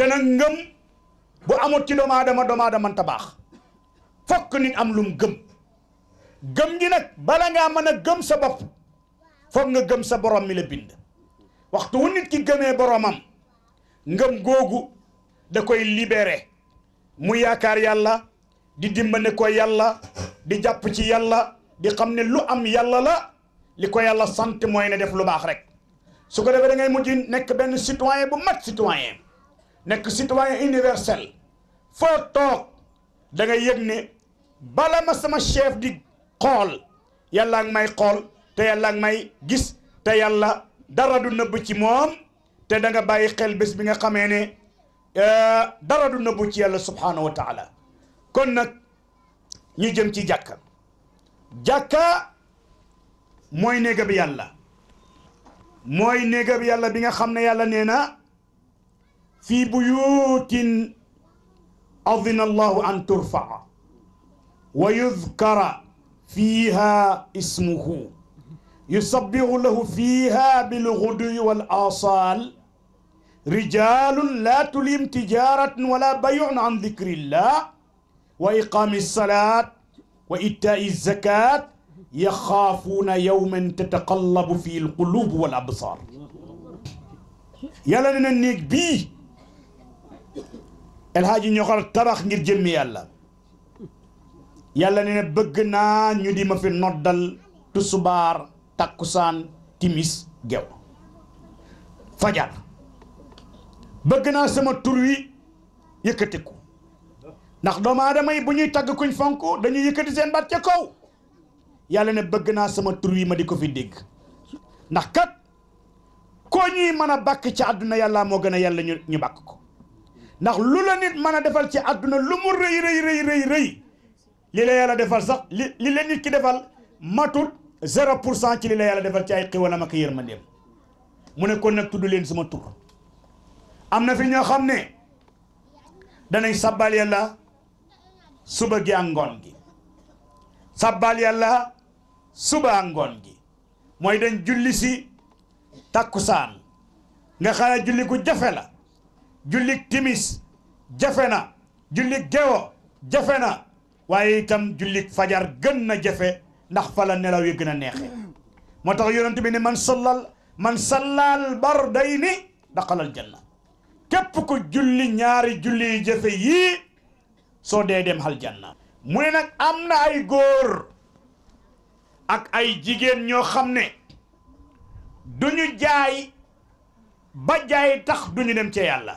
te nag ngëm bu amut ci doomu aadama baax fokk nit am lum gëm gëm gi nag bala ngaa mën a gëm sa bopp foog nga gëm sa borom mi la bind waxtu wu nit ki gëmee boromam ngëm googu da koy libéré mu yaakaar yàlla di dimbane ko yàlla di jàpp ci yàlla di xam ne lu am yàlla la li ko yàlla sant mooy ne def lu baax rek su ko defee da ngay mujj nekk benn citoyen bu mat citoyen nekk citoyen universel foo toog da nga yëg ne bala ma sama chef di xool yàlla ngi may xool te yàlla ngi may gis te yàlla dara du nëbb ci moom te danga bàyyi xel bés bi nga xamee ne euh, dara du nëbb ci yàlla subhaanahu wa kon nag ñu jëm ci jàkka jàkka mooy néegab yàlla mooy néegab yàlla bi nga xam ne yàlla nee na في بيوت أذن الله أن ترفع ويذكر فيها اسمه يصبغ له فيها بالغدو والآصال رجال لا تليم تجارة ولا بيع عن ذكر الله وإقام الصلاة وإيتاء الزكاة يخافون يوما تتقلب فيه القلوب والأبصار يلا ننيك بيه El Hadji ñoxor tabax ngir jëmmi yàlla yàlla ne ne bëgg naa ñu di ma fi noddal tusubaar takkusaan timis gew fajar bëgg naa sama tur wi ko ndax doomu aadama yi bu ñuy tagg kuñ fonk dañuy yëkkati seen baat ca kaw yàlla ne bëgg naa sama tur wi ma di ko fi dégg ndax kat koo ñuy mën a bàkk ci àdduna yàlla moo gën a yàlla ñu ñu bàkk ko ndax lu la nit mën a defal ci àdduna lu mu rëy rëy rëy rëy rëy li la yàlla defal sax li la nit ki defal matul zéro pour cent ci li la yàlla defal ci ay xiwalam ak yërmandeem mu nekkoon nag tudd leen sama tur am na fi ñoo xam ne danañ sabbal yàlla suba gi ak ngoon gi sabbal yàlla suba ak ngoon gi mooy dañ julli si takkusaan nga xaar julli ku jafe la jullik timis jafe na jullik gewo jafe na waaye itam jullit fajar gën na jafe ndax fa nelaw yi gën a neexee moo tax yonent bi ne man sallal man sallal bardayni daxalal janna képp ku julli ñaari julli yi jafe yii soo dee dem hal janna mu ne nag am na ay góor ak ay jigéen ñoo xam ne duñu jaay ba jaay tax duñu dem ca yàlla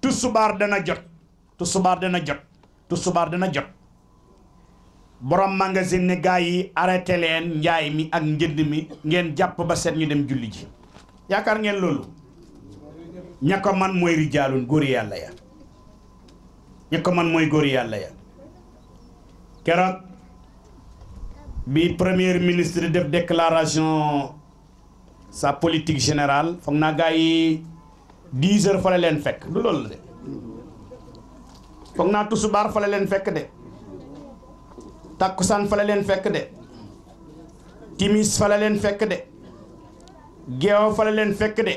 tusubaar dana jot subaar dana jot subaar dana jot borom magasin ne gaa yi arrêté leen njaay mi ak njënd mi ngeen jàpp ba set ñu dem julli ji yaakaar ngeen loolu ña ko man mooy rijaalun góori yàlla ya ña ko man mooy góori yàlla ya keroog bi premier ministre def déclaration sa politique générale foog naa gaa dix heures fa la leen fekk lu loolu la de foog naa tusubaar fa la leen fekk de takkusaan fa la leen fekk de timis fa la leen fekk de geew fa la leen fekk de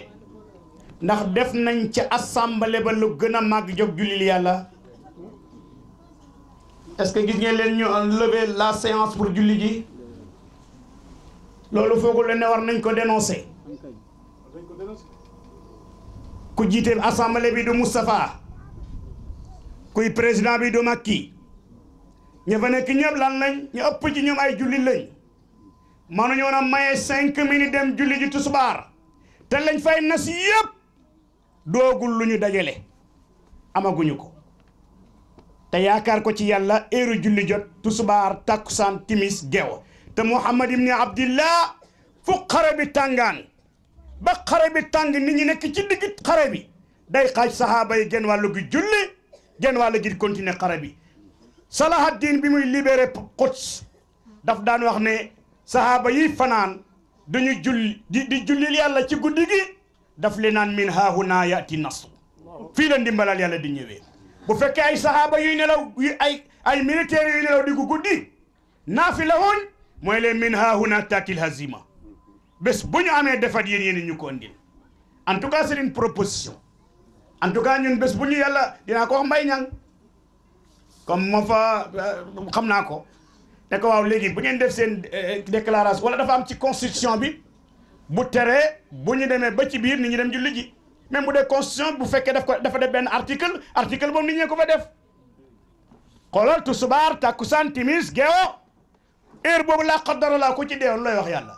ndax def nañ ca assemblée ba lu gën a màgg jóg julil yàlla est que gis ngeen leen ñu lever la séance pour julli ji loolu foogul ne war nañ ko dénoncer ku jiite assemblée bi du Moustapha kuy président bi du Macky ña fa nekk ñëpp ñu ëpp ci ñoom ay jullit lañ mënuñoo na maye cinq minutes dem julli ji te lañ fay nas yëpp doogul lu ñu dajale amaguñu ko te yaakaar ko ci yàlla heure julli jot takku takkusaan timis geew te Muhammad ibni Abdillah fuqara bi tàngaan بخربي تاند نيني نك تي ديغ خربي داي خاج صحابه ген والو جي جولي ген والو جي كونتيني خربي صلاح الدين بيمي ليبري قدس داف دان واخ ني صحابه يي فنان دوني جولي دي دي جولي يالا تي غوديغي داف لي نان من ها هنا ياتي النصر في لا ديمبال يالا دي نيوي بو فكي اي صحابه يي نلاو اي اي ميليتير يي نلاو ديغو غودي نافلهون موي لي هنا تاتي الهزيمه bés bu ñu amee defat yéen yéen ñu ko andil en tout cas c'est une proposition en tout cas ñun bés bu ñu yàlla dinaa ko wax mbay ñang comme moo fa euh, xam naa ko ne ko waaw léegi bu ngeen def seen euh, déclaration wala dafa am ci constitution bi bu teree bu ñu demee ba ci biir nit ñi dem julli ji même bu dee constitution bu fekkee daf ko dafa def ben article article boobu nit ñee ko fa def xoolal tusubaar takkusaan timis geewo heure boobu laa xaddara laa ku ci deewoon looy wax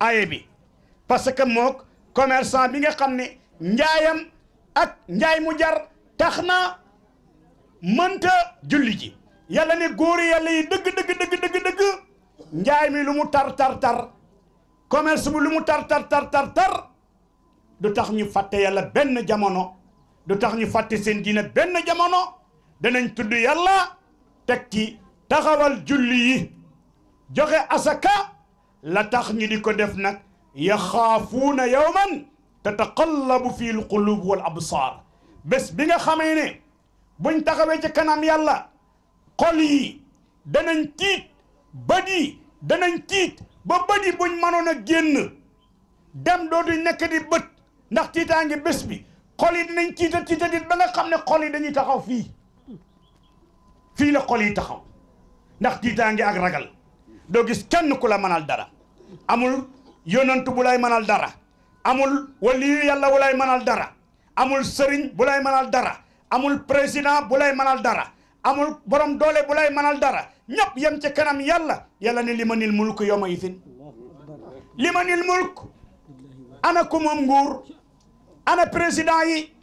aye bi parce que mook commerçant bi nga xam ne njaayam ak njaay mu jar tax na mënta julli ji yàlla ne góor yàlla yi dëgg dëgg dëgg dëgg njaay mi lu mu tar tar tar commerce bi lu mu tar tar tar du tax ñu fàtte yàlla benn jamono du tax ñu fàtte seen diina benn jamono danañ tudd yàlla teg ci taxawal julli yi joxe asaka لا تخني لي كدفنا يخافون يوما تتقلب في القلوب والابصار بس بيغا خاميني بون تاخوي تي كانام يالا قولي دانن تيت بدي دانن تيت با بدي بون مانونا ген دم دو دي نك دي بت ناخ تيتاغي بس بي قولي دانن تيت تيت دي باغا خامني قولي داني تاخاو في في لا قولي تاخاو ناخ تيتاغي اك راغال doo gis kenn ku la manal dara amul yonantu bu lay mënal dara amul waliyu yàlla bu lay mënal dara amul sëriñ bu lay mënal dara amul président bu lay mënal dara amul borom doole bu lay mënal dara ñëpp yem ci kanam yàlla yàlla ne limanil mulk yawma idin limanil mulk ana ku nguur ana président yi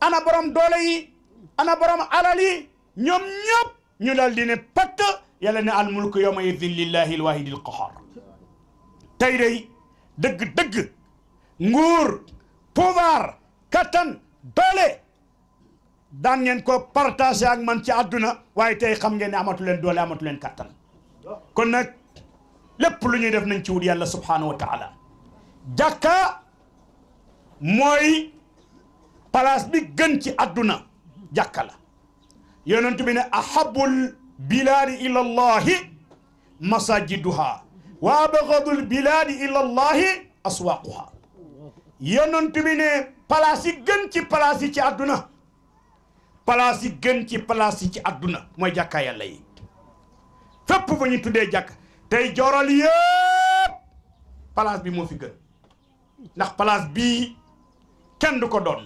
ana borom doole yi ana borom alal yi ñoom ñëpp ñu dal di يلنا الملك يوم يذن لله الواحد القهار تيري دق دق نور بوفار كتن دولي دان نين كو بارتاجي اك مان سي ادنا واي تاي خام نين اماتو لين دولي اماتو لين كتن كون نك لب لو ني ديف نانتي وود يالله سبحانه وتعالى جاكا موي بلاص بي گن سي ادنا جاكا لا يونتو بي احب bilaadi ila allahi masajiduha wa abgadul bilaadi ila allahi aswaquha yonent ne palaas yi gën ci palaas ci àdduna palaas yi gën ci palaas yi ci àdduna mooy jàkkaa yàlla yi fépp ba ñu tuddee jàkk tey joral yëpp palaas bi moo fi gën ndax palaas bi kenn du ko doon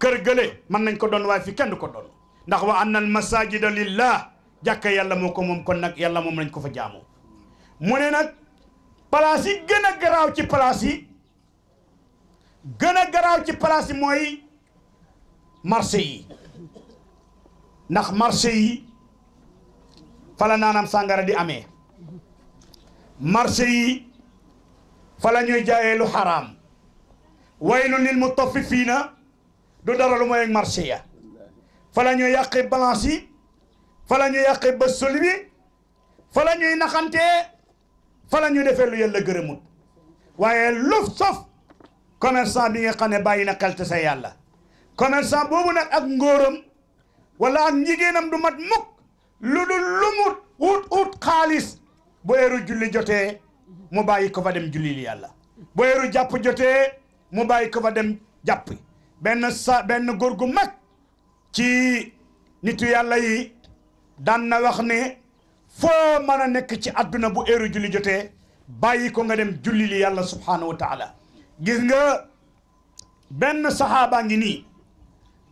kër gële mën nañ ko doon waaye fi kenn du ko doon ndax wa anna al lillah jakka yalla moko mom kon nak yalla mom lañ ko fa jaamu mune nak place yi gëna graw ci place yi gëna graw ci place yi moy marché yi ndax marché yi fala nanam di amé marché yi fala ñuy jaayé lu haram waylun lil mutaffifina du dara lu moy marché ya fala ñuy yaqé balance fa ñu yàqe ba soli bi fa ñuy naxantee fa la ñuy defee lu yàlla gërëmut waaye luf sof commerçant bi nga xam ne bàyyi na xel sa yàlla commerçant boobu nag ak ngóoram wala ak njigéenam du mat mukk lu dul lumut ut ut xaalis bu eeru julli jotee mu bàyyi ko fa dem julli yàlla bu eeru jàpp jote mu bàyyi ko fa dem jàpp benn sa benn góor gu mag ci nit yàlla yi danna na wax ne foo mën a nekk ci àdduna bu heure julli jotee bàyyi ko nga dem julli li yàlla subhaanahu wa gis nga benn saxaabaa ngi nii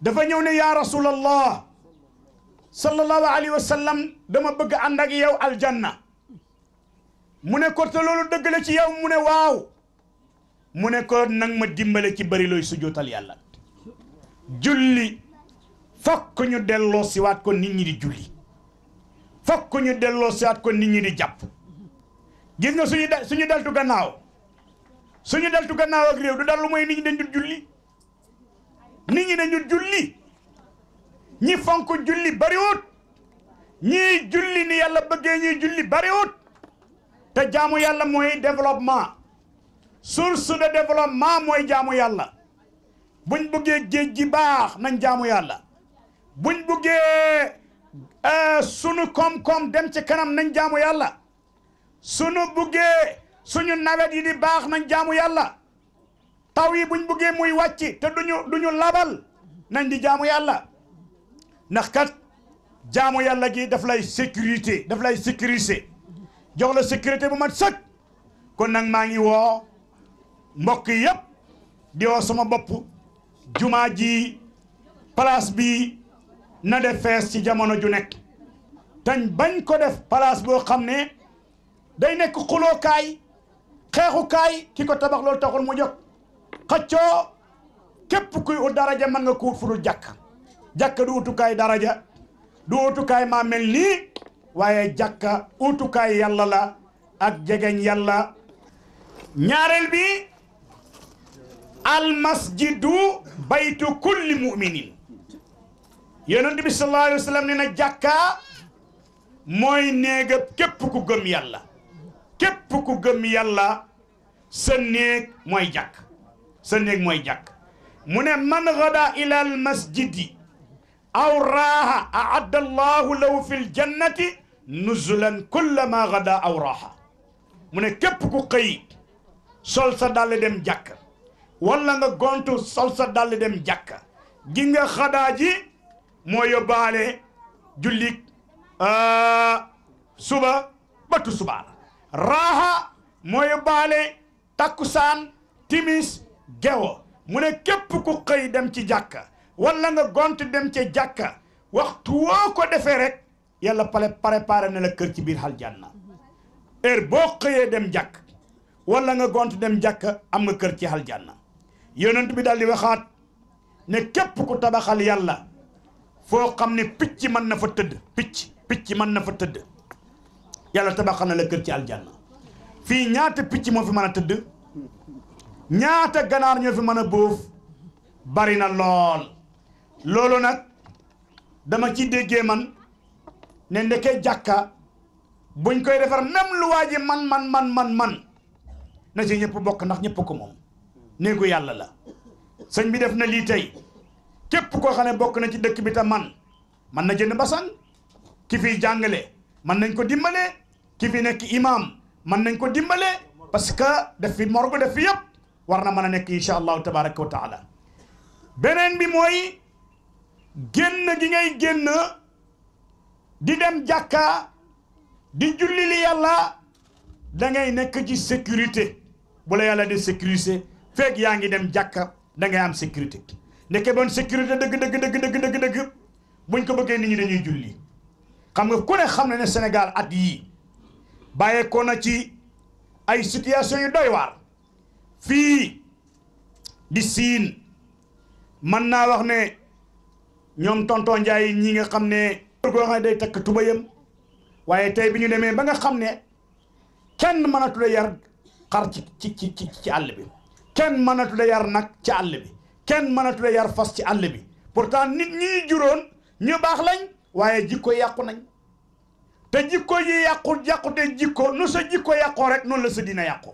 dafa ñëw ne yaa rasulallah sallallahu alayhi wa dama bëgg ànd ak yow aljanna mu ne ko te loolu ci yow mu ne waaw mu ne ko nang ma dimbale ci bëri looy sujootal yàlla julli fokk ñu delloo siwaat ko nit ñi di julli fokk ñu delloo siwaat ko nit ñi di jàpp gis nga suñu suñu daltu gannaaw suñu daltu gannaaw ak réew du dal lu mooy nit ñi dañ julli nit ñi dañ julli ñi fonk julli bariwut ñii julli ni yàlla bëggee ñuy julli bariwut te jaamu yàlla mooy développement source de développement mooy jaamu yàlla buñ bëggee géej gi baax nañ jaamu yàlla buñ bëggee Eh, sunu koom-koom dem ci kanam nañ jaamu yàlla sunu buggee suñu nawet yi di baax nañ jaamu yàlla taw yi buñ buggee muy wàcc te duñu duñu labal nañ di jaamu yàlla ndax kat jaamu yàlla gi daf lay sécurité daf lay sécuriser jox la sécurité bu mat sëkk kon nag maa ngi woo mbokk yëpp di woo sama bopp jumaa ji place bi na def fees ci jamono ju nekk dañ bañ ko def palaas boo xam ne day nekk xulookaay xeexukaay ki ko tabax loolu taxul mu jóg xaccoo képp kuy ut daraja mën nga ko ut fu dul jàkk jàkk du utukaay daraja du utukaay maa mel nii waaye jàkka utukaay yàlla la ak jegeñ yàlla ñaareel bi almasjidu baytu kulli muminin yonent bi sallallahu alayhi wa sallam ne na jàkkaa mooy néegab képp ku gëm yàlla képp ku gëm yàlla sa néeg mooy jàkk sa néeg mooy jàkk mu ne man gada ila al masjidi aw raaha aadda allahu lahu fi ljannati nuzulan kullama gada aw raaha mu ne képp ku xëy sol sa dàll dem jàkk wala nga gontu sol sa dàll dem jàkk gi nga xadaa ji moo yóbbaale jullik euh, suba bëtu subaa raaxa moo yóbbaale takkusaan timis gewo mu ne képp ku xëy dem ci jàkka wala nga gont dem ca jàkka waxtu woo ko defee rek yàlla pare préparé na la kër ci biir xal janna heure boo xëyee dem jàkk wala nga gont dem jàkka am nga kër ci xal janna yonent bi daal di waxaat ne képp ku tabaxal yàlla foo xam ne picc mën na fa tëdd picc picc mën na fa tëdd yàlla tabaxal na la kër ci aljanna fii ñaata picc moo fi mën a tëdd ñaata ganaar ñoo fi mën a bóof bari na lool loolu nag dama ci déggee man ne ndeke jàkka buñ koy defar même lu waa ji man man man man man na ci ñëpp bokk ndax ñépp ko moom néegu yàlla la sëñ bi def na lii tey képp koo xam ne bokk na ci dëkk bi te man man na jënd basan ki fiy jàngale man nañ ko dimbale ki fi nekk imam man nañ ko dimbale parce que daf fi morgo daf fi yëpp war na mën a nekk incha allahu tabaraka wa taala beneen bi mooy génn gi ngay génn di dem jàkka di julli li yàlla da nekk ci sécurité bu la yàlla de sécurité feeg yaa ngi dem jàkka da ngay am sécurité nekke bon sécurité deug deug deug deug deug deug buñ ko bëggé nit ñi dañuy julli xam nga ku ne xam na ne sénégal at yi bayé ko na ci ay situation yu doy war fi di sin man na wax ne ñom tonton ndjay ñi nga xamne go xay day tak tubayam waye tay biñu démé ba nga xamne kenn manatu la yar xar ci ci ci ci all bi kenn manatu la yar nak ci all bi kenn mënatula yar fas ci àll bi pour pourtant nit ñi juróon ñu baax lañ waaye jikko yàqu nañ te jikko yi yàqu yàqute jikko nu sa jikko yàqoo rek noonu la sa diina yàqu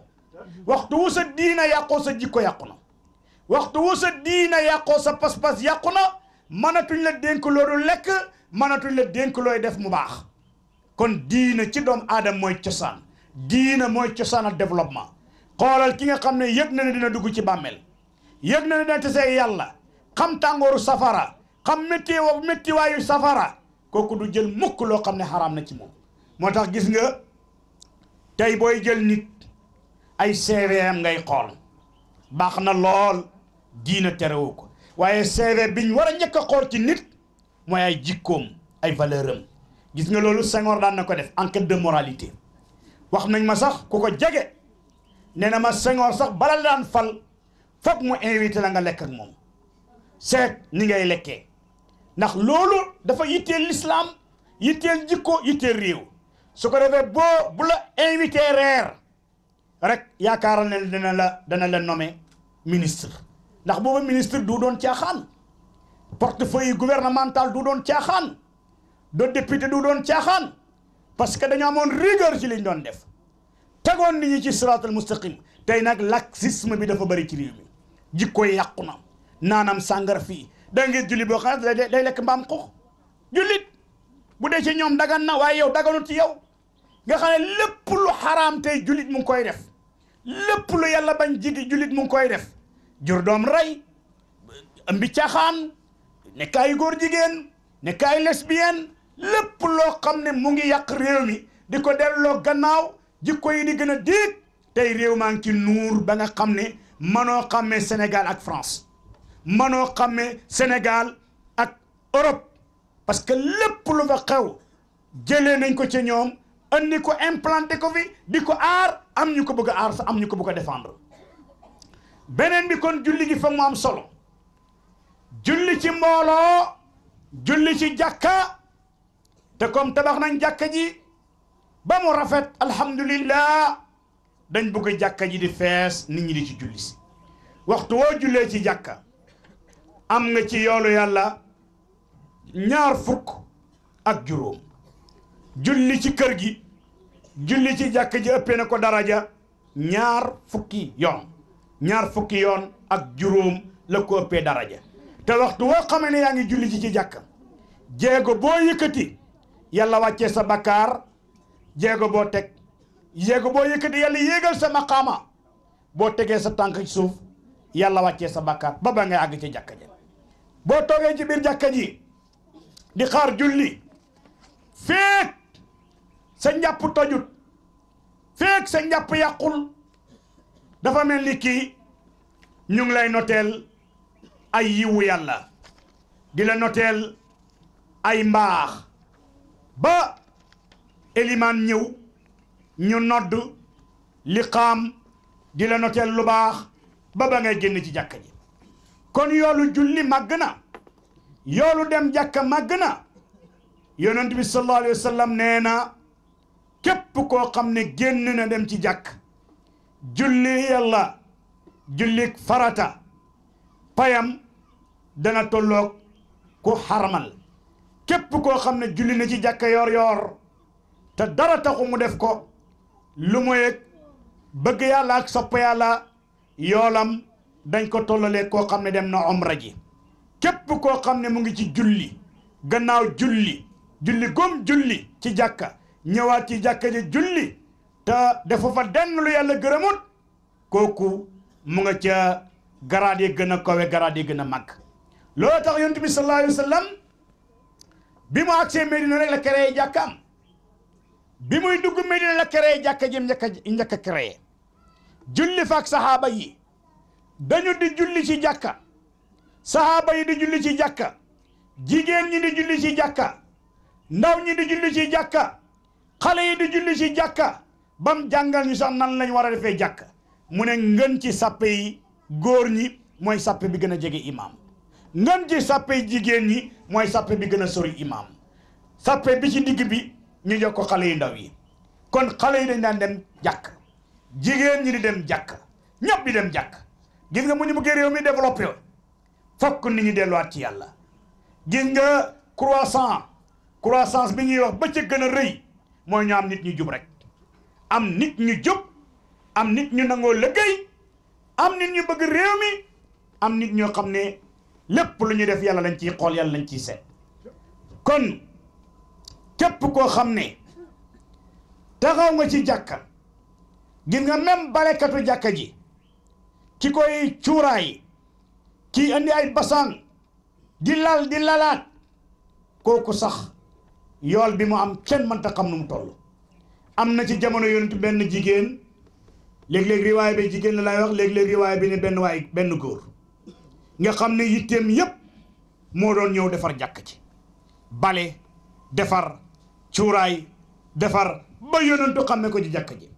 waxtu wu sa diina yàqoo sa jikko yàqu na waxtu wu sa diina yàqoo sa pas-pas yàqu na mënatuñ la dénk loolu lekk mënatuñ la dénk looy def mu baax kon diina ci doomu aadama mooy cosaan diina mooy cosaan ak developpement xoolal ki nga xam ne yëg na dina dugg ci bàmmeel yëg na ne dina tasee yàlla xam tàngooru safara xam métti wa waayu safara kooku du jël mukk loo xam ne xaraam na ci moom moo tax gis nga tey booy jël nit ay CVM ngay xool baax na lool diina terewu ko waaye CV biñ war a njëkk a xool ci nit mooy ay jikkoom ay valeur gis nga loolu sengoor daan na ko def enquête de moralité wax nañ ma sax ku ko jege nee na ma Senghor sax bala la daan fal foog mu invité la nga lekk ak moom seet ni ngay lekkee ndax loolu dafa yitteel lislaam yitteel jikko yitteel réew su ko defee boo bu la invité reer rek yaakaaral ne dana la dana la nommé ministre ndax booba ministre du doon caaxaan portefeuille gouvernemental du doon caaxaan do député du doon caaxaan parce que dañoo amoon rigueur ci liñ doon def tegoon nit ñi ci siraatal mustaqim tey nag ma bi dafa bëri ci réew mi jikkoy yàqu na naanam sàngara fii da ngeen julli boo xam ne day lekk mbaam xux jullit bu dee ci ñoom dagan na yow daganul ci yow nga xam ne lépp lu xaraam tey jullit mu ngi koy def lépp lu yàlla bañ jigi jullit mu ngi koy def jur doom rey mbi caaxaan nekk góor jigéen nekk ay lesbienne lépp loo xam ne mu ngi yàq réew mi di ko delloo gannaaw jikko yi di gën a diig tey réew maa ngi ci nuur ba nga xam ne mano xàmmee Sénégal ak France mano xàmmee Sénégal ak Europe parce que lépp lu fa xew jëlee nañ ko ci ñoom andi ko implanté ko fi di ko aar am ñu ko bëgg a sa am ñu ko bëgg a défendre beneen bi kon julli gi fa mu am solo julli ci mbooloo julli ci jàkka te comme tabax nañ jàkka ji ba mu rafet alhamdulillah dañ bëgg jàkka ji di fees nit ñi di ci julli si waxtu woo jullee ci jàkka am nga ci yoolu yàlla ñaar fukk ak juróom julli ci kër gi julli ci jàkka ji ëppee na ko daraja ñaar fukki yoon ñaar fukki yoon ak juróom la ko ëppee daraja te waxtu woo xamee ne yaa ngi julli ci ci jàkka jéego boo yëkkati yàlla wàccee sa bakkaar jéego boo teg yegg bo yëkkati yalla yéegal sa maqama bo tegee sa tank ci suuf yalla wàccee sa bakkat ba ba ngay ag ci jàkka ji boo toogee ci bir jàkka ji di xaar julli feek sa njàpp tojut feek sa njàpp yaqul dafa melni ki ñu ngi lay notel ay yiwu yalla di la notel ay mbax ba eliman ñew ñu nodd li xaam di lu baax ba ba ngay génn ci jàkka ji kon yoolu julli màgg na yoolu dem jàkka màgg na yonent bi sallallahu alayhi nee na képp koo xam ne génn na dem ci jàkk julli yàlla julli farata payam dana tolloog ku xarmal képp koo xam ne julli na ci jàkka yor yor te dara taxu mu def ko lu mu yëg bëgg yàlla ak sopp yoolam dañ ko tollale koo xam ne dem na omra ji képp koo xam ne mu ngi ci julli gannaaw julli julli góom julli ci jàkka ñëwaat ci jàkka ji julli te dafa fa denn lu yàlla gërëmut kooku mu nga ca garaad yi gën a kawe garaad yi gën a màgg loolu tax yonent bi sallallahu alayhi bi mu agsee Medina rek la créé jàkka am bi muy dugg Medina la créé jàkka jëm njëkk a njëkk a créé julli faak saxaaba yi dañu di julli ci jàkka saxaaba yi di julli ci jàkka jigéen ñi di julli ci jàkka ndaw ñi di julli ci jàkka xale yi di julli ci jàkka bam jàngal ñu sax nan lañ war a defee jàkka mu ne ngën ci sàppe yi góor ñi mooy sàppe bi gën a jege imaam ngën ci sàppe jigéen ñi mooy sàppe bi gën a sori imaam sàppe bi ci digg bi ñu jox ko xalé ndaw yi kon xalé yi dañ dan dem jak jigen ñi di dem jak, ñëpp di dem jak, gis nga mu ñu bëggee réew mi développé fokk nit ñi wat ci yalla gis nga croissance croissance bi ñi wax ba ci gëna reuy ñu am nit ñu jub rek am nit ñu jub am nit ñu nango liggéey am nit ñu bëgg réew mi am nit ñoo xam ne lépp lu ñu def yàlla lañ ciy xool yàlla lañ ciy kon képp koo xam ne taxaw nga ci jàkka gis nga même balekatu jàkka ji ki koy cuuraay ki andi ay basan di lal di lalaat kooku sax yool bi mu am kenn mënta xam nu mu toll am na ci jamono yonent benn jigéen léegi léeg riwaay bi jigéen la lay wax léeg léegi riwaay bi ne benn waay benn góor nga xam ne yitteem yépp moo doon ñëw defar jàkk ci bale defar cuuraay defar ba yonentu xamme ko ci jàkk ji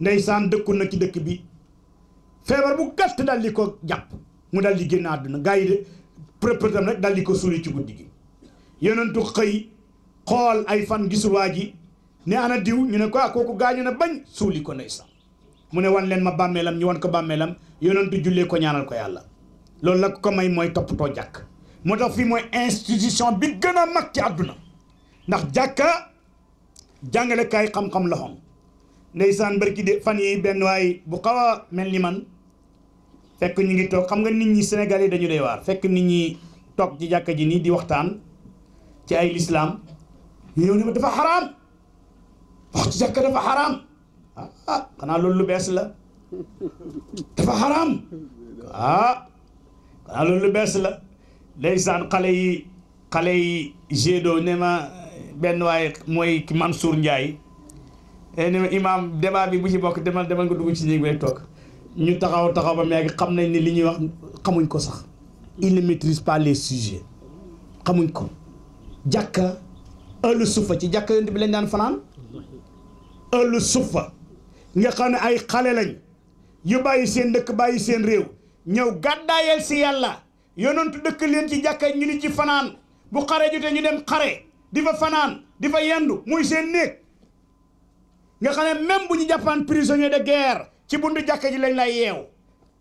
ndeysaan dëkku na ci dëkk bi feebar bu gàtt dal ko jàpp mu dal di génn àdduna gars yi de préprétam rek dal di ko suuli ci guddi gi yonentu xëy xool ay fan gisul waa ji ne ana diw ñu ne ko ah, kooku gaañu na bañ suuli ko ndeysaan mu ne wan leen ma bàmmeelam ñu wan ko bàmmeelam yonentu jullee ko ñaanal ko yàlla loolu la ko may mooy toppatoo jàkk moo tax fii mooy institution bi gën a mag ci àdduna ndax jangale kay xam-xam loxom neysan Naisan barki de fan yi ben way bu xawa melni man fekk ñi ngi tok xam nga nit ñi sénégalais dañu doy war fekk nit ñi tok ci jaka ji ni di waxtaan ci ay l'islam ñëw ne ma dafa haram wax ci jaka dafa haram ah, ah xanaa loolu la dafa haram ah kana lolu bes la neysan xalé yi xalé yi ne benn waaye mooy ki Mansour Ndiaye eh, ne ma imaam débat bi bu ci bokk demal demal nga dugg ci néeg bi rek toog ñu taxaw taxaw ba meegi xam nañ ne li ñuy wax xamuñ ko sax il ne maîtrise pas les xamuñ ko jàkka ëllu sufa ci jàkka yonent bi lañ daan fanaan ëllu sufa nga xam ne ay xale lañ yu bàyyi seen dëkk bàyyi seen réew ñëw gàddaayel si yàlla yonentu dëkk leen ci jàkka ñu ni ci fanaan bu xare jotee ñu dem xare di fa fanaan di fa yendu muy seen néeg nga xam ne même bu ñu jàppaan prisonnier de guerre ci bundu jàkka ji lañ lay yeew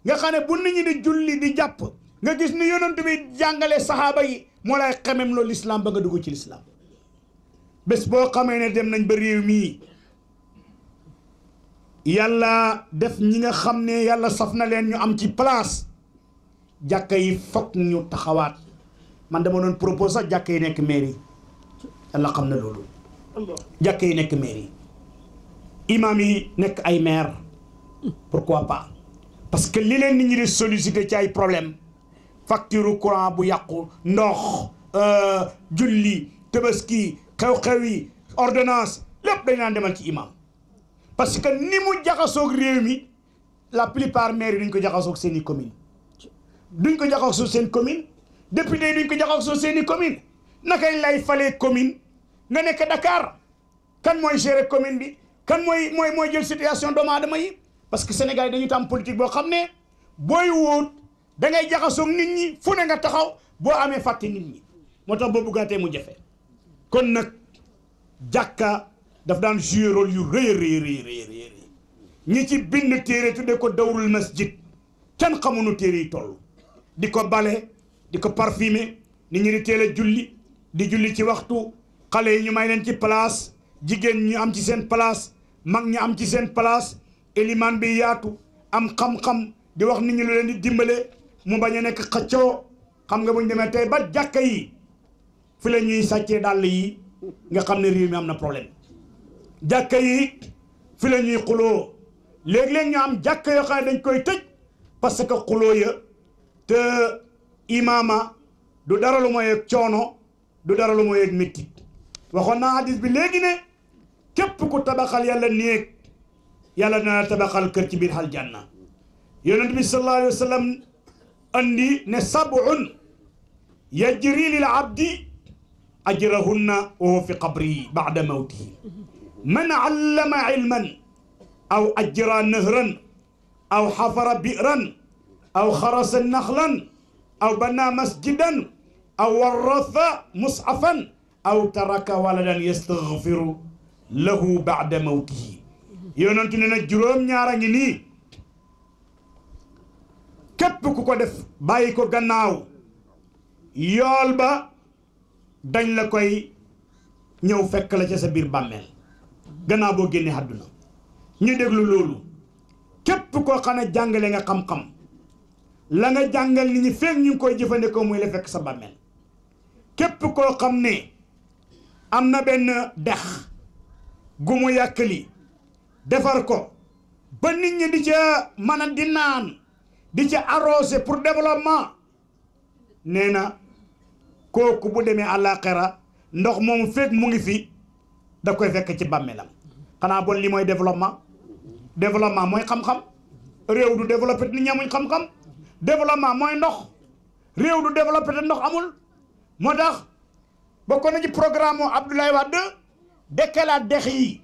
nga xam ne bu nit ñi di julli di jàpp nga gis ni yonent bi jàngale saxaaba yi moo lay xemem loolu lislaam ba nga dugg ci lislaam bés boo xamee ne dem nañ ba réew mi yàlla def ñi nga xam ne yàlla saf na leen ñu am ci place jàkka yi foog ñu taxawaat man dama doon propose sax jàkka yi nekk mairie yàlla xam na loolu jàkke yi nekk maire yi nekk ay maire pourquoi pas que li leen nit ñi di ci ay problème facture courant bu yàqu ndox euh, julli tabaski xew-xew yi ordonnance ci imam parce que ni mu la plupart maires yi duñ ko jaxasoo seen i commune duñ ko jaxasoog seen ko jaxasoog seen i commune nakay lay falee commune nga nekk Dakar kan mooy gérer commune bi kan mooy mooy mooy jël situation doomu aadama yi parce que Sénégal yi dañu tam politique boo xam ne booy wóot da ngay jaxasoog nit ñi fu ne nga taxaw boo amee fàtte nit ñi moo tax boo buggaatee mu jafe kon nag jàkka daf daan jouer rôle yu rëy rëy rëy rëy ñi ci bind téere tudde ko dawrul masjid kenn xamuñu téere yi toll di ko bale di ko parfumer nit ñi di teel a julli di julli ci waxtu xale yi ñu may leen ci place jigéen ñu am ci seen place mag ñu am ci seen place élimaan bi yaatu am xam-xam di wax nit ñi lu leen di dimbale mu bañ a nekk xëccoo xam nga bu ñu demee tey ba jàkka yi fi la ñuy sàccee dàll yi nga xam ne réew am na problème jàkka yi fi la ñuy xuloo léeg-léeg ñu am jàkka yoo dañ koy tëj parce que xuloo ya te imaama du dara lu mooy coono du dara lu mooy yëg métti waxoon naa hadis bi léegi ne képp ku tabaxal yàlla néeg yàlla dana tabaxal kër ci biir xal janna yonent bi sallallahu alayhi wa sallam andi ne sab'un yajri lil abdi ajrahunna wa huwa fi qabri ba'da mawtihi man allama ilman aw ajra nahran aw xafara bi'ran aw xarasa naxlan aw bana masjidan aw warratha mus'afan aw taraka waladan yastaghfiru lahu ba'da mawtihi yonentu ne nag juróom-ñaar a ngi nii képp ku ko def bàyyi ko gannaaw yool ba dañ la koy ñëw fekk la ca sa biir bàmmeel gannaaw boo génnee àdduna ñu déglu loolu képp koo xam ne jàngale nga xam-xam la nga jàngal nit ñi feeg ñu ngi koy jëfandikoo muy la fekk sa bàmmeel képp koo xam ne am na benn dex gu mu yàkkali defar ko ba nit ñi di ca mën a di naan di ca arrosé pour développement nee na kooku bu demee àllaaxira ndox moom fekk mu ngi fi da koy fekk ci bàmmeelam xanaa bon li mooy développement développement mooy xam-xam réew du développé te nit ñi amuñ xam-xam développement mooy ndox réew du développé te ndox amul moo dax bokkoon na ci programme moo Abdoulaye Wade dekkalaat dex yi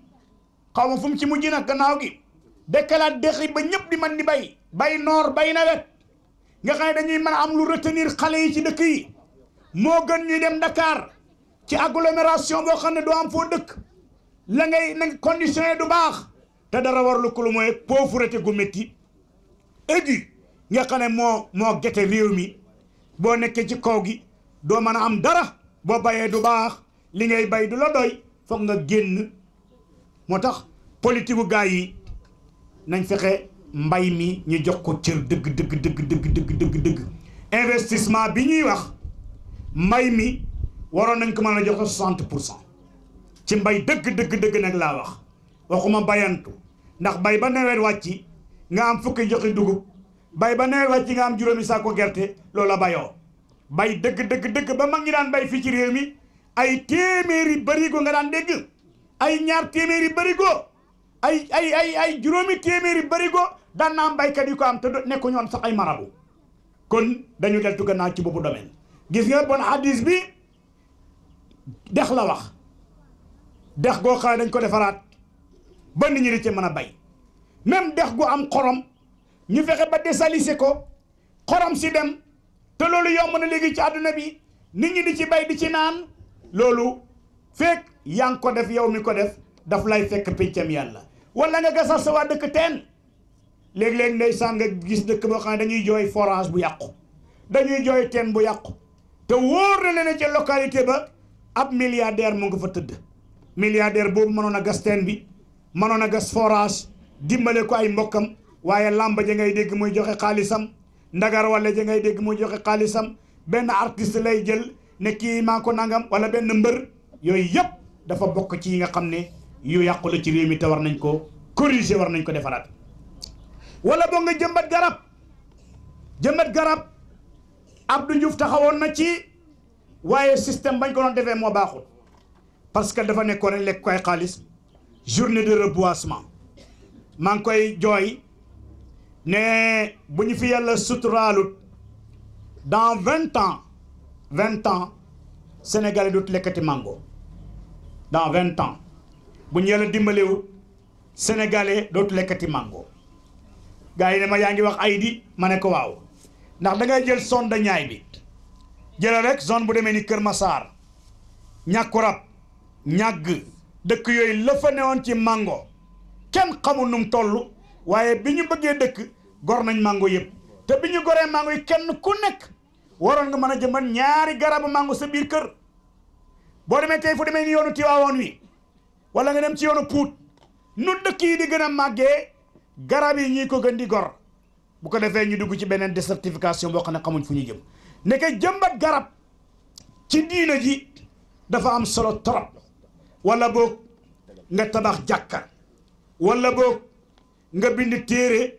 xaw ma fu ci mujj nag gannaaw gi dekkalaat dex yi ba ñëpp di man di bay bay noor bay nawet nga xam ne dañuy mën a am lu retenir xale yi ci dëkk yi moo gën ñuy dem ndakaar ci agglomération boo xam ne doo am foo dëkk la ngay na conditionné du baax te dara war lu ko lu mooy pauvreté gu métti aigu nga xam ne moo moo gete réew mi boo nekkee ci kaw gi doo mën a am dara bo baye du de li ngay du la doy nga génn motax politique yi mbay mi ñu jox ko investissement bi ñuy wax mbay mi nañ ko jox 60 ci mbay wax waxuma bayantu ndax bay ba nga am fukki dugub bay ba nga bay deug deug deug ba mag ñi daan bay fi ci réew mi ay bari barigo nga daan deug ay ñaar bari barigo ay ay ay ay téméri bari barigo daan na am baykat yu ko am te ko ñoon sax ay marabu kon dañu tu gëna ci bobu domaine gis nga bon hadis bi dex la wax dex go xaar dañ ko defaraat ba nit ñi di ci mëna bay même dex gu am xorom ñu fexé ba désaliser ko xorom si dem te loolu yomb na léegi ci àdduna bi nit ñi di ci bay di ci naan loolu fekk yaa ngi ko def yow mi ko def daf lay fekk piccam yàlla wala nga gasal sa waa dëkk teen léeg-léeg ndeysaan nga gis dëkk boo xam ne dañuy jooy forage bu yàqu dañuy jooy teen bu yàqu te wóor na leen ne ca ba ab milliardaire mu nga fa tëdd milliardaire boobu mënoon a gas teen bi mënoon a gas forage dimbale ko ay mbokkam waaye làmba ja ngay dégg muy joxe xaalisam ndagar wala ja ngay dégg moo joxe xaalisam benn artiste lay jël ne kii ko nangam wala benn mbër yooyu yëpp dafa bokk ci yi nga xam ne yu yàqu la ci réew mi te war nañ ko corriger war nañ ko defaraat wala boo nga jëmbat garab jëmbat garab Abdou Diouf taxawoon na ci waaye système bañ ko doon defee moo baaxul parce que dafa nekkoon rek lekk koy xaalis journée de reboisement maa ngi koy jooy ne bu ñu fi yàlla suturaalut dans vingt ans vingt ans sénégalais dootu lekkati mango dans vingt ans bu ñu yàlla dimbalewut sénégalais dootu lekkati mango gars yi ne ma yaa ngi wax ay di ma ne ko waaw ndax da ngay jël zone de ñaay bi jëlal rek zone bu demee ni Kër masaar ñàkkurab ñàgg dëkk yooyu la newoon ci mango kenn xamul num toll waaye bi ñu bëggee dëkk gor nañ mango yëpp te bi ñu goree mango yi kenn ku nekk waroon nga mën a jëmbat ñaari garabu mango sa biir kër boo demee tey fu demee ni yoonu Tiwaawoon wi wala nga dem ci yoonu puut nu dëkk yi di gën a màggee garab yi ñii ko gën di gor bu ko defee ñu dugg ci beneen désertification boo xam ne xamuñ fu ñu jëm nekk jëmbat garab ci diina ji dafa am solo trop wala boog nga tabax jàkka wala boog nga bind téere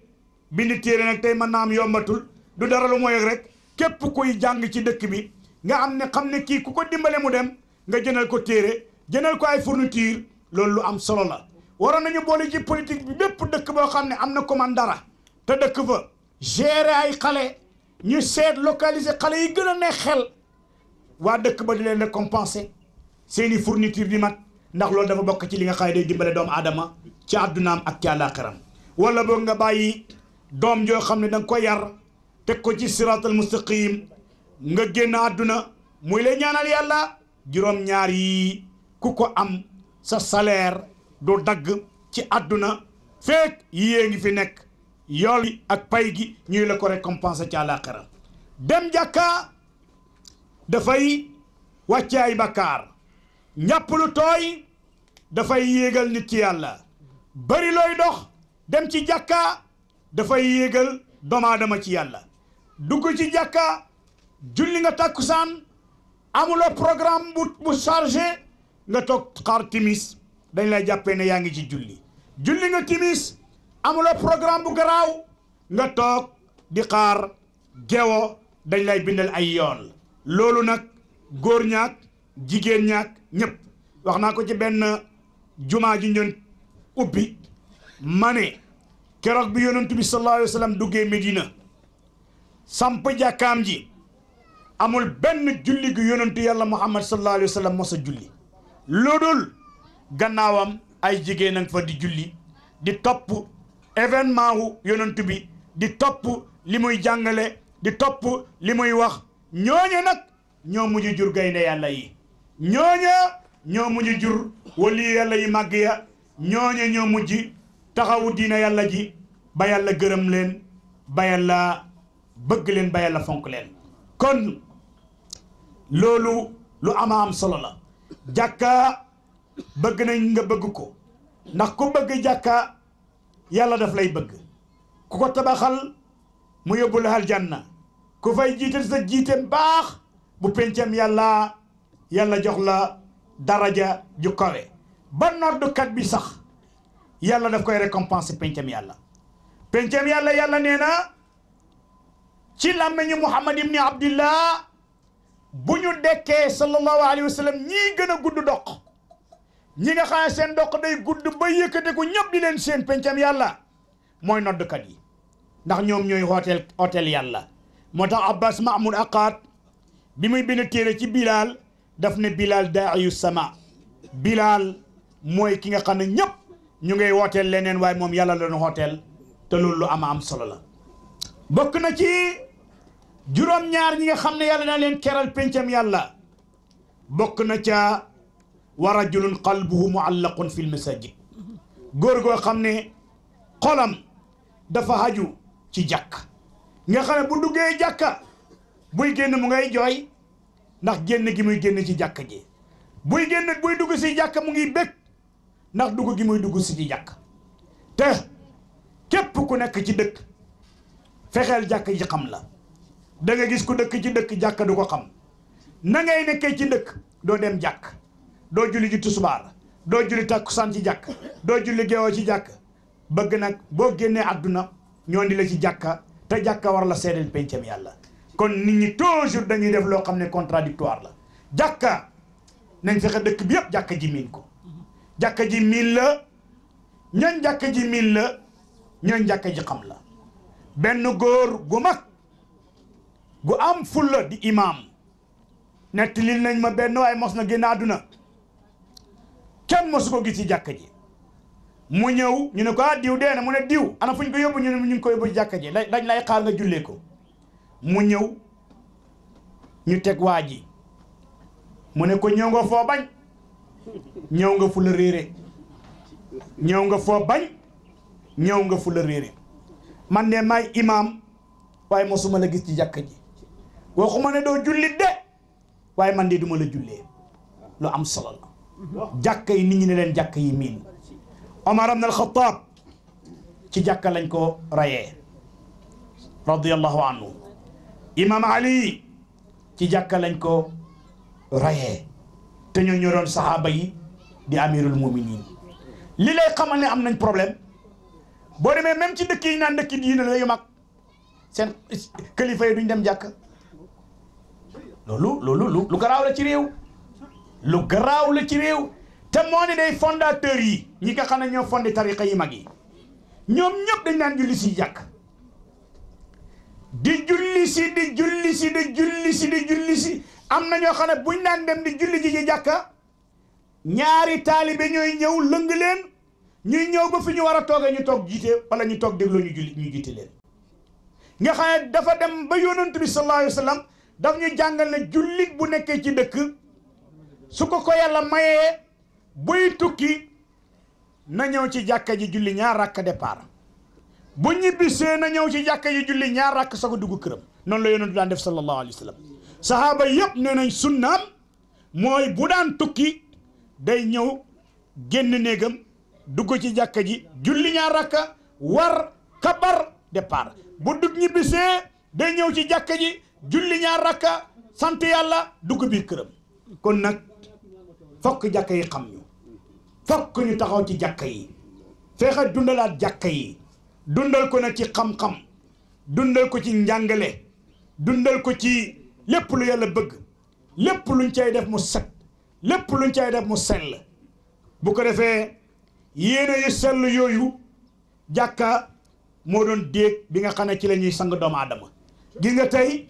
bind téere nag tey man naa am yombatul du dara lu mooy rek képp kuy jàng ci dëkk bi nga am ne xam ne kii ku ko dimbale mu dem nga jënal ko téere jënal ko ay fourniture lool lu am solo la waroon nañu boole ci politique bi bépp dëkk boo xam ne am na dara te dëkk fa gérer ay xale ñu seet localiser xale yi gën a neex xel waa dëkk ba di leen récompenser seeni fourniture di mat ndax loolu dafa bokk ci li nga xam ne day dimbale doomu aadama ci àddunaam ak ci wala boog nga bàyyi doom joo xam ne danga ko yar teg ko ci siraatal mustaqim nga génn àdduna muy lay ñaanal yàlla juróom-ñaar yi ku ko am sa salaire du dagg ci àdduna feek yiyée ngi fi nekk yool ak pay gi ñuy la ko récompenser ci àllaaxira dem jàkka dafay wàcce ay bakkaar njàpp lu tooy dafay yéegal nit ci yàlla bari looy dox dem ci jàkka dafay yéegal doomu ci yàlla dugg ci jàkka julli nga tàkkusaan amuloo programme bu chargé nga toog xaar timis dañ lay jàppee ne yaa ngi ci julli julli nga timis amuloo programme bu garaaw nga toog di xaar gewo dañ lay bindal ay yoon loolu nag góor ñaak jigéen ñàkk ñëpp wax naa ko ci benn jumaa ji ñun ubbi ma keroog bi yonentu bi sallallahu alayhi wa sallam duggee samp jàkkaam ji amul benn julli gu yonentu yàlla Muhammad sallallahu alayhi wa sallam mos a julli loodul gannaawam ay jigéen a fa di julli di topp événement wu yonentu bi di topp li muy jàngale di topp li muy wax ñooña nag ñoo mujj jur gaynde yàlla yi ñooña ñoo mujj jur wali yàlla yi màgg ya ñooña ñoo mujj taxawu diina yàlla ji ba yàlla gërëm leen ba yàlla bëgg leen ba yàlla fonk leen kon loolu lu ama am solo la jàkka bëgg nañ nga bëgg ko ndax ku bëgg jàkka yàlla def lay bëgg ku ko tabaxal mu yóbbu la aljanna ku fay jiite sa jiite baax bu penceem yàlla yàlla jox la daraja ju kawe ba noddukat bi sax yàlla daf koy récompenser pencam yàlla pencam yàlla yàlla nee na ci làmmiñu Muhammad ibni Abdillah bu ñu dekkee sallallahu alayhi wa ñii gën a gudd doq ñi nga xam seen doq day gudd ba yëkkate ko ñëpp di leen seen pencam yàlla mooy noddkat yi ndax ñoom ñooy hôtel hôtel yàlla moo tax Abbas Mahmoud Aqat bi muy bind téere ci Bilal daf ne Bilal daayu sama Bilal mooy ki nga xam ne ñëpp ñu ngay wooteel leneen waaye moom yàlla la ñu wooteel te loolu lu ama am solo la bokk na ci juróom-ñaar ñi nga xam ne yàlla naa leen keral pencam yàlla bokk na ca wa rajulun qalbuhu muallaqun fil masajid góor goo xam ne xolam dafa haju ci jàkk nga xam ne bu duggee jàkka buy génn mu ngay jooy ndax génn gi muy génn ci jàkk ji buy génn buy dugg si jàkk mu ngi bëgg ndax dugg gi muy dugg si ci jàkk te képp ku nekk ci dëkk fexeel jàkk ji xam la danga gis ku dëkk ci dëkk jàkk du ko xam na ngay nekkee ci dëkk doo dem jàkk doo julli ji tusubaar doo julli takkusaan ci jàkk doo julli geewoo ci jàkk bëgg nag boo génnee àdduna ñoo di la ci jàkka te jàkka war la seedeel pencam yàlla kon nit ñi toujours dañuy def loo xam ne contradictoire la jàkka nañ fexe dëkk bi yëpp jàkka ji ko jàkka ji mil la ñooñ jàkka ji mil xam la benn góor gu mag gu am fulla di imaam nettali nañ ma benn waay mos na génn àdduna kenn mosu ko gis ci jàkka ji mu ñëw ñu ne ko ah diw dee na mu ne diw ana fuñ ko yóbbu ñu ne ñu ko yóbbu ci jàkka ji dañ lay xaar nga jullee ko mu ñëw ñu teg waa ji mu ne ko ñëw nga foo ñëw nga fu la réere ñëw nga foo bañ ñëw nga fu la réere man de maay imaam waaye mosuma la gis ci jàkka ji waxuma ne doo jullit de waaye man de duma la jullee lu am solo la jàkka yi nit ñi ne leen jàkka yi miin Omar ibn al-Khattab ci jàkka lañ ko rayee radiyallahu anhu imaam Ali ci jàkka lañ ko rayee te ñoo ñoo doon saxaaba yi di amirul muminin li lay xamal ne am nañ problème boo demee même ci dëkk yi naan dëkk diine la yu mag seen kilifa yi duñ dem jàkk loolu loolu lu garaaw la ci réew lu garaaw la ci réew te moo ne day fondateur yi ñi nga xam ne ñoo fondé tariqa yi mag yi ñoom ñëpp dañ naan julli si jàkk di julli si di julli si di julli si di julli si am na ñoo xam ne buñ naan dem di julli ji ci jàkka ñaari taalibe ñooy ñëw lëng leen ñuy ñëw ba fi ñu war a toogee ñu toog jiite wala ñu toog déglu ñu julli ñu jiite leen nga xam ne dafa dem ba yonent bi sallallahu alayhi wa sallam daf ñu jàngal ne bu nekkee ci dëkk su ko ko yàlla mayee buy tukki na ñëw ci jàkka ji julli ñaar ràkk départ bu ñibbisee na ñëw ci jàkka ji julli ñaar ràkk sa ko dugg këram noonu la yonent bi daan def sallallahu alayhi wa sallam saxaaba yëpp nee nañ sunnaam mooy bu daan tukki day ñëw génn néegam dugg ci jàkka ji julli ñaar rakka war kabar départ bu dugg ñibbisee day ñëw ci jàkka ji julli ñaar rakka sant yàlla dugg biir këram kon nag fokk jàkka yi xam ñu fokk ñu taxaw ci jàkka yi fexe dundalaat jàkka yi dundal ko nag ci xam-xam dundal ko ci njàngale dundal ko ci lépp lu yàlla bëgg lépp luñ cay def mu set lépp luñ cay def mu sell bu ko defee yéene yu sell yooyu jàkka moo doon déeg bi nga xam ne ci la ñuy sang doomu aadama gi nga tey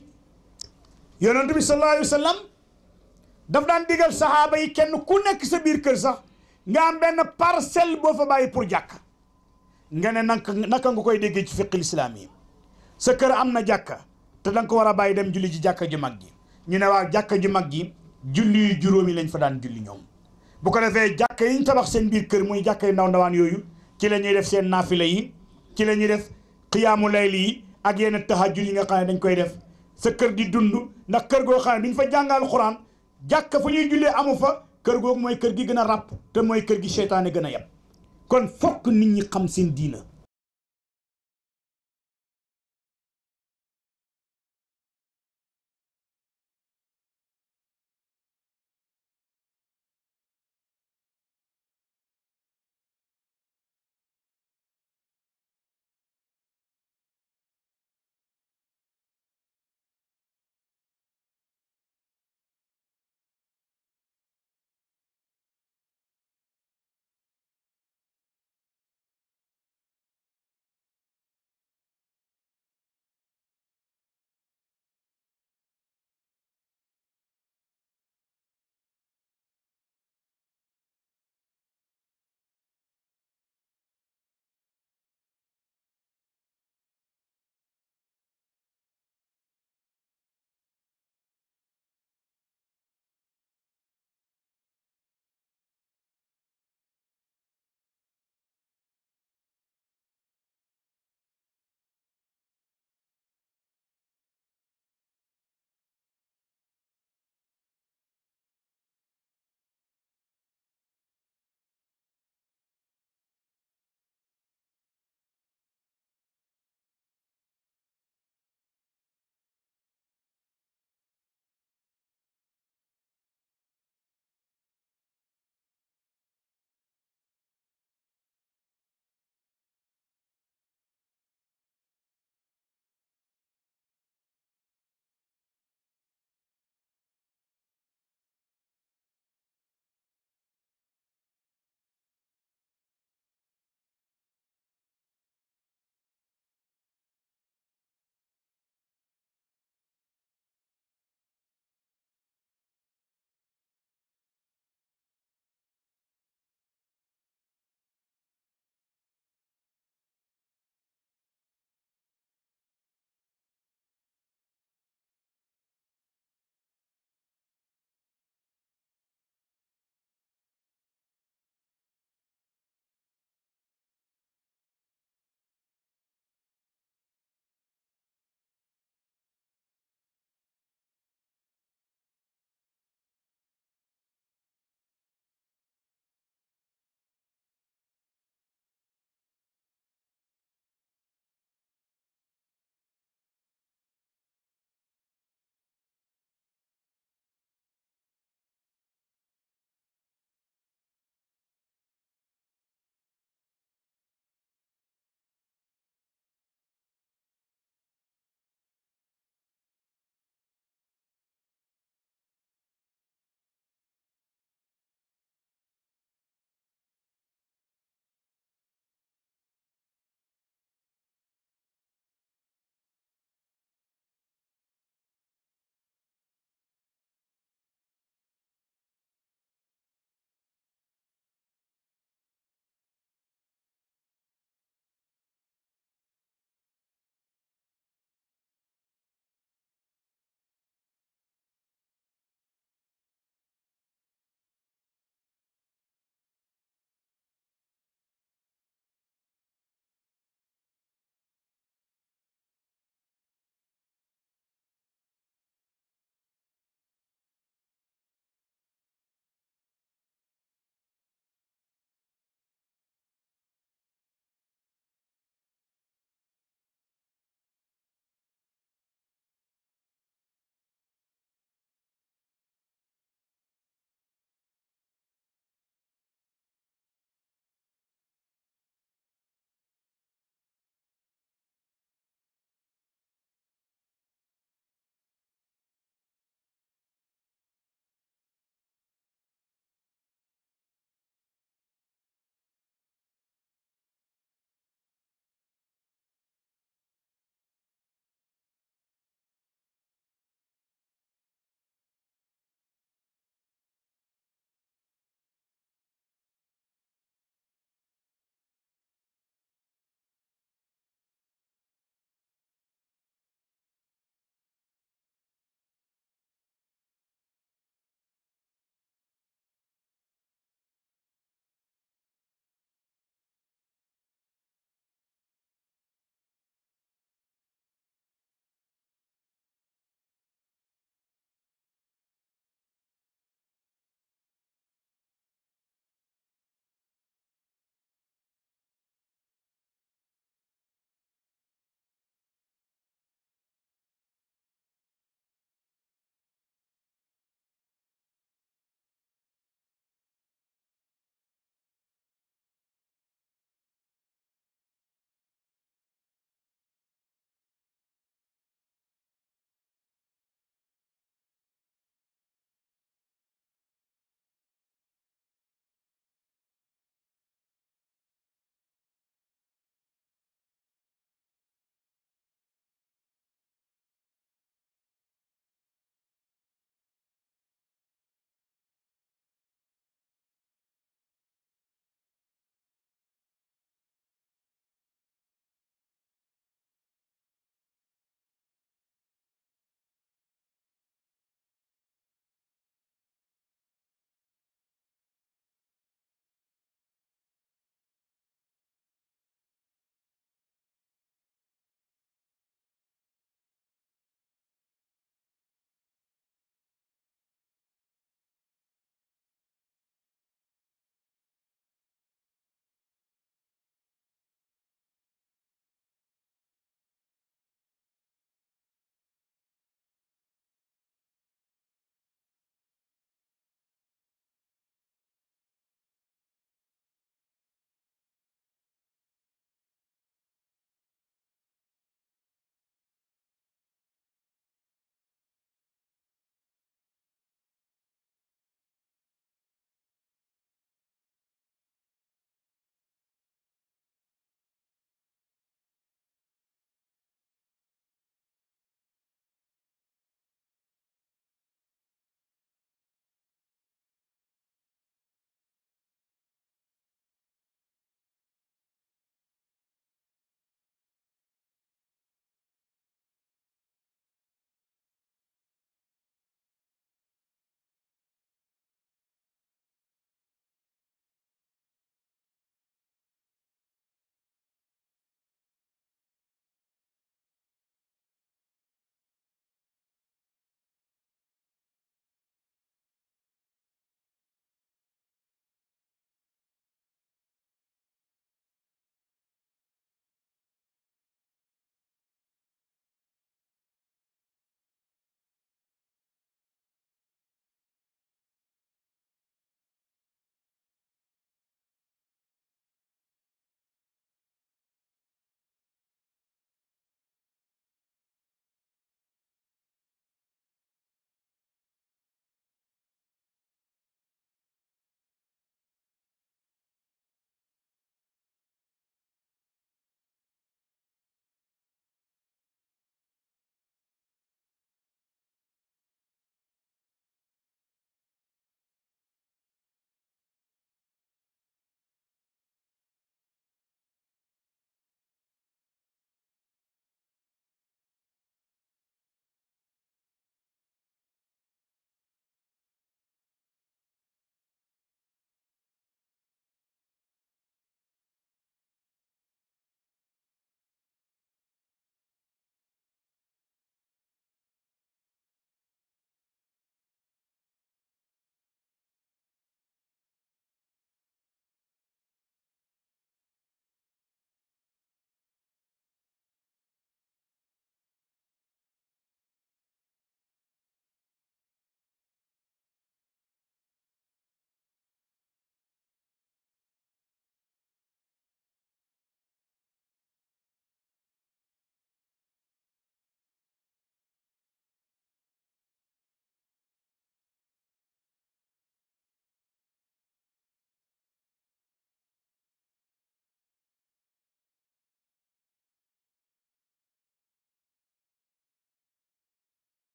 yonent bi sallallahu alayhi wa daf daan digal saxaaba yi kenn ku nekk sa biir kër sax nga am benn parsel boo fa bàyyi pour jàkka nga ne naka naka nga koy déggee ci fiqil islaam yi sa kër am na jàkka te da ko war a bàyyi dem julli ci jàkka ju mag ji ñu ne waaw jàkka ju mag ji julli juróomi lañ fa daan julli ñoom bu ko defee jàkka yi ñu tabax seen biir kër muy jàkka yu ndaw ndawaan yooyu ci la ñuy def seen naafila yi ci la ñuy def xiyaamu layli yi ak yenn tahajjud yi nga xam ne dañ koy def sa kër di dund ndax kër goo xam ne duñ fa jàngal xuraan jàkka fu ñuy jullee amu fa kër googu mooy kër gi gën a ràpp te mooy kër gi seytaane gën a yab kon fokk nit ñi xam seen diina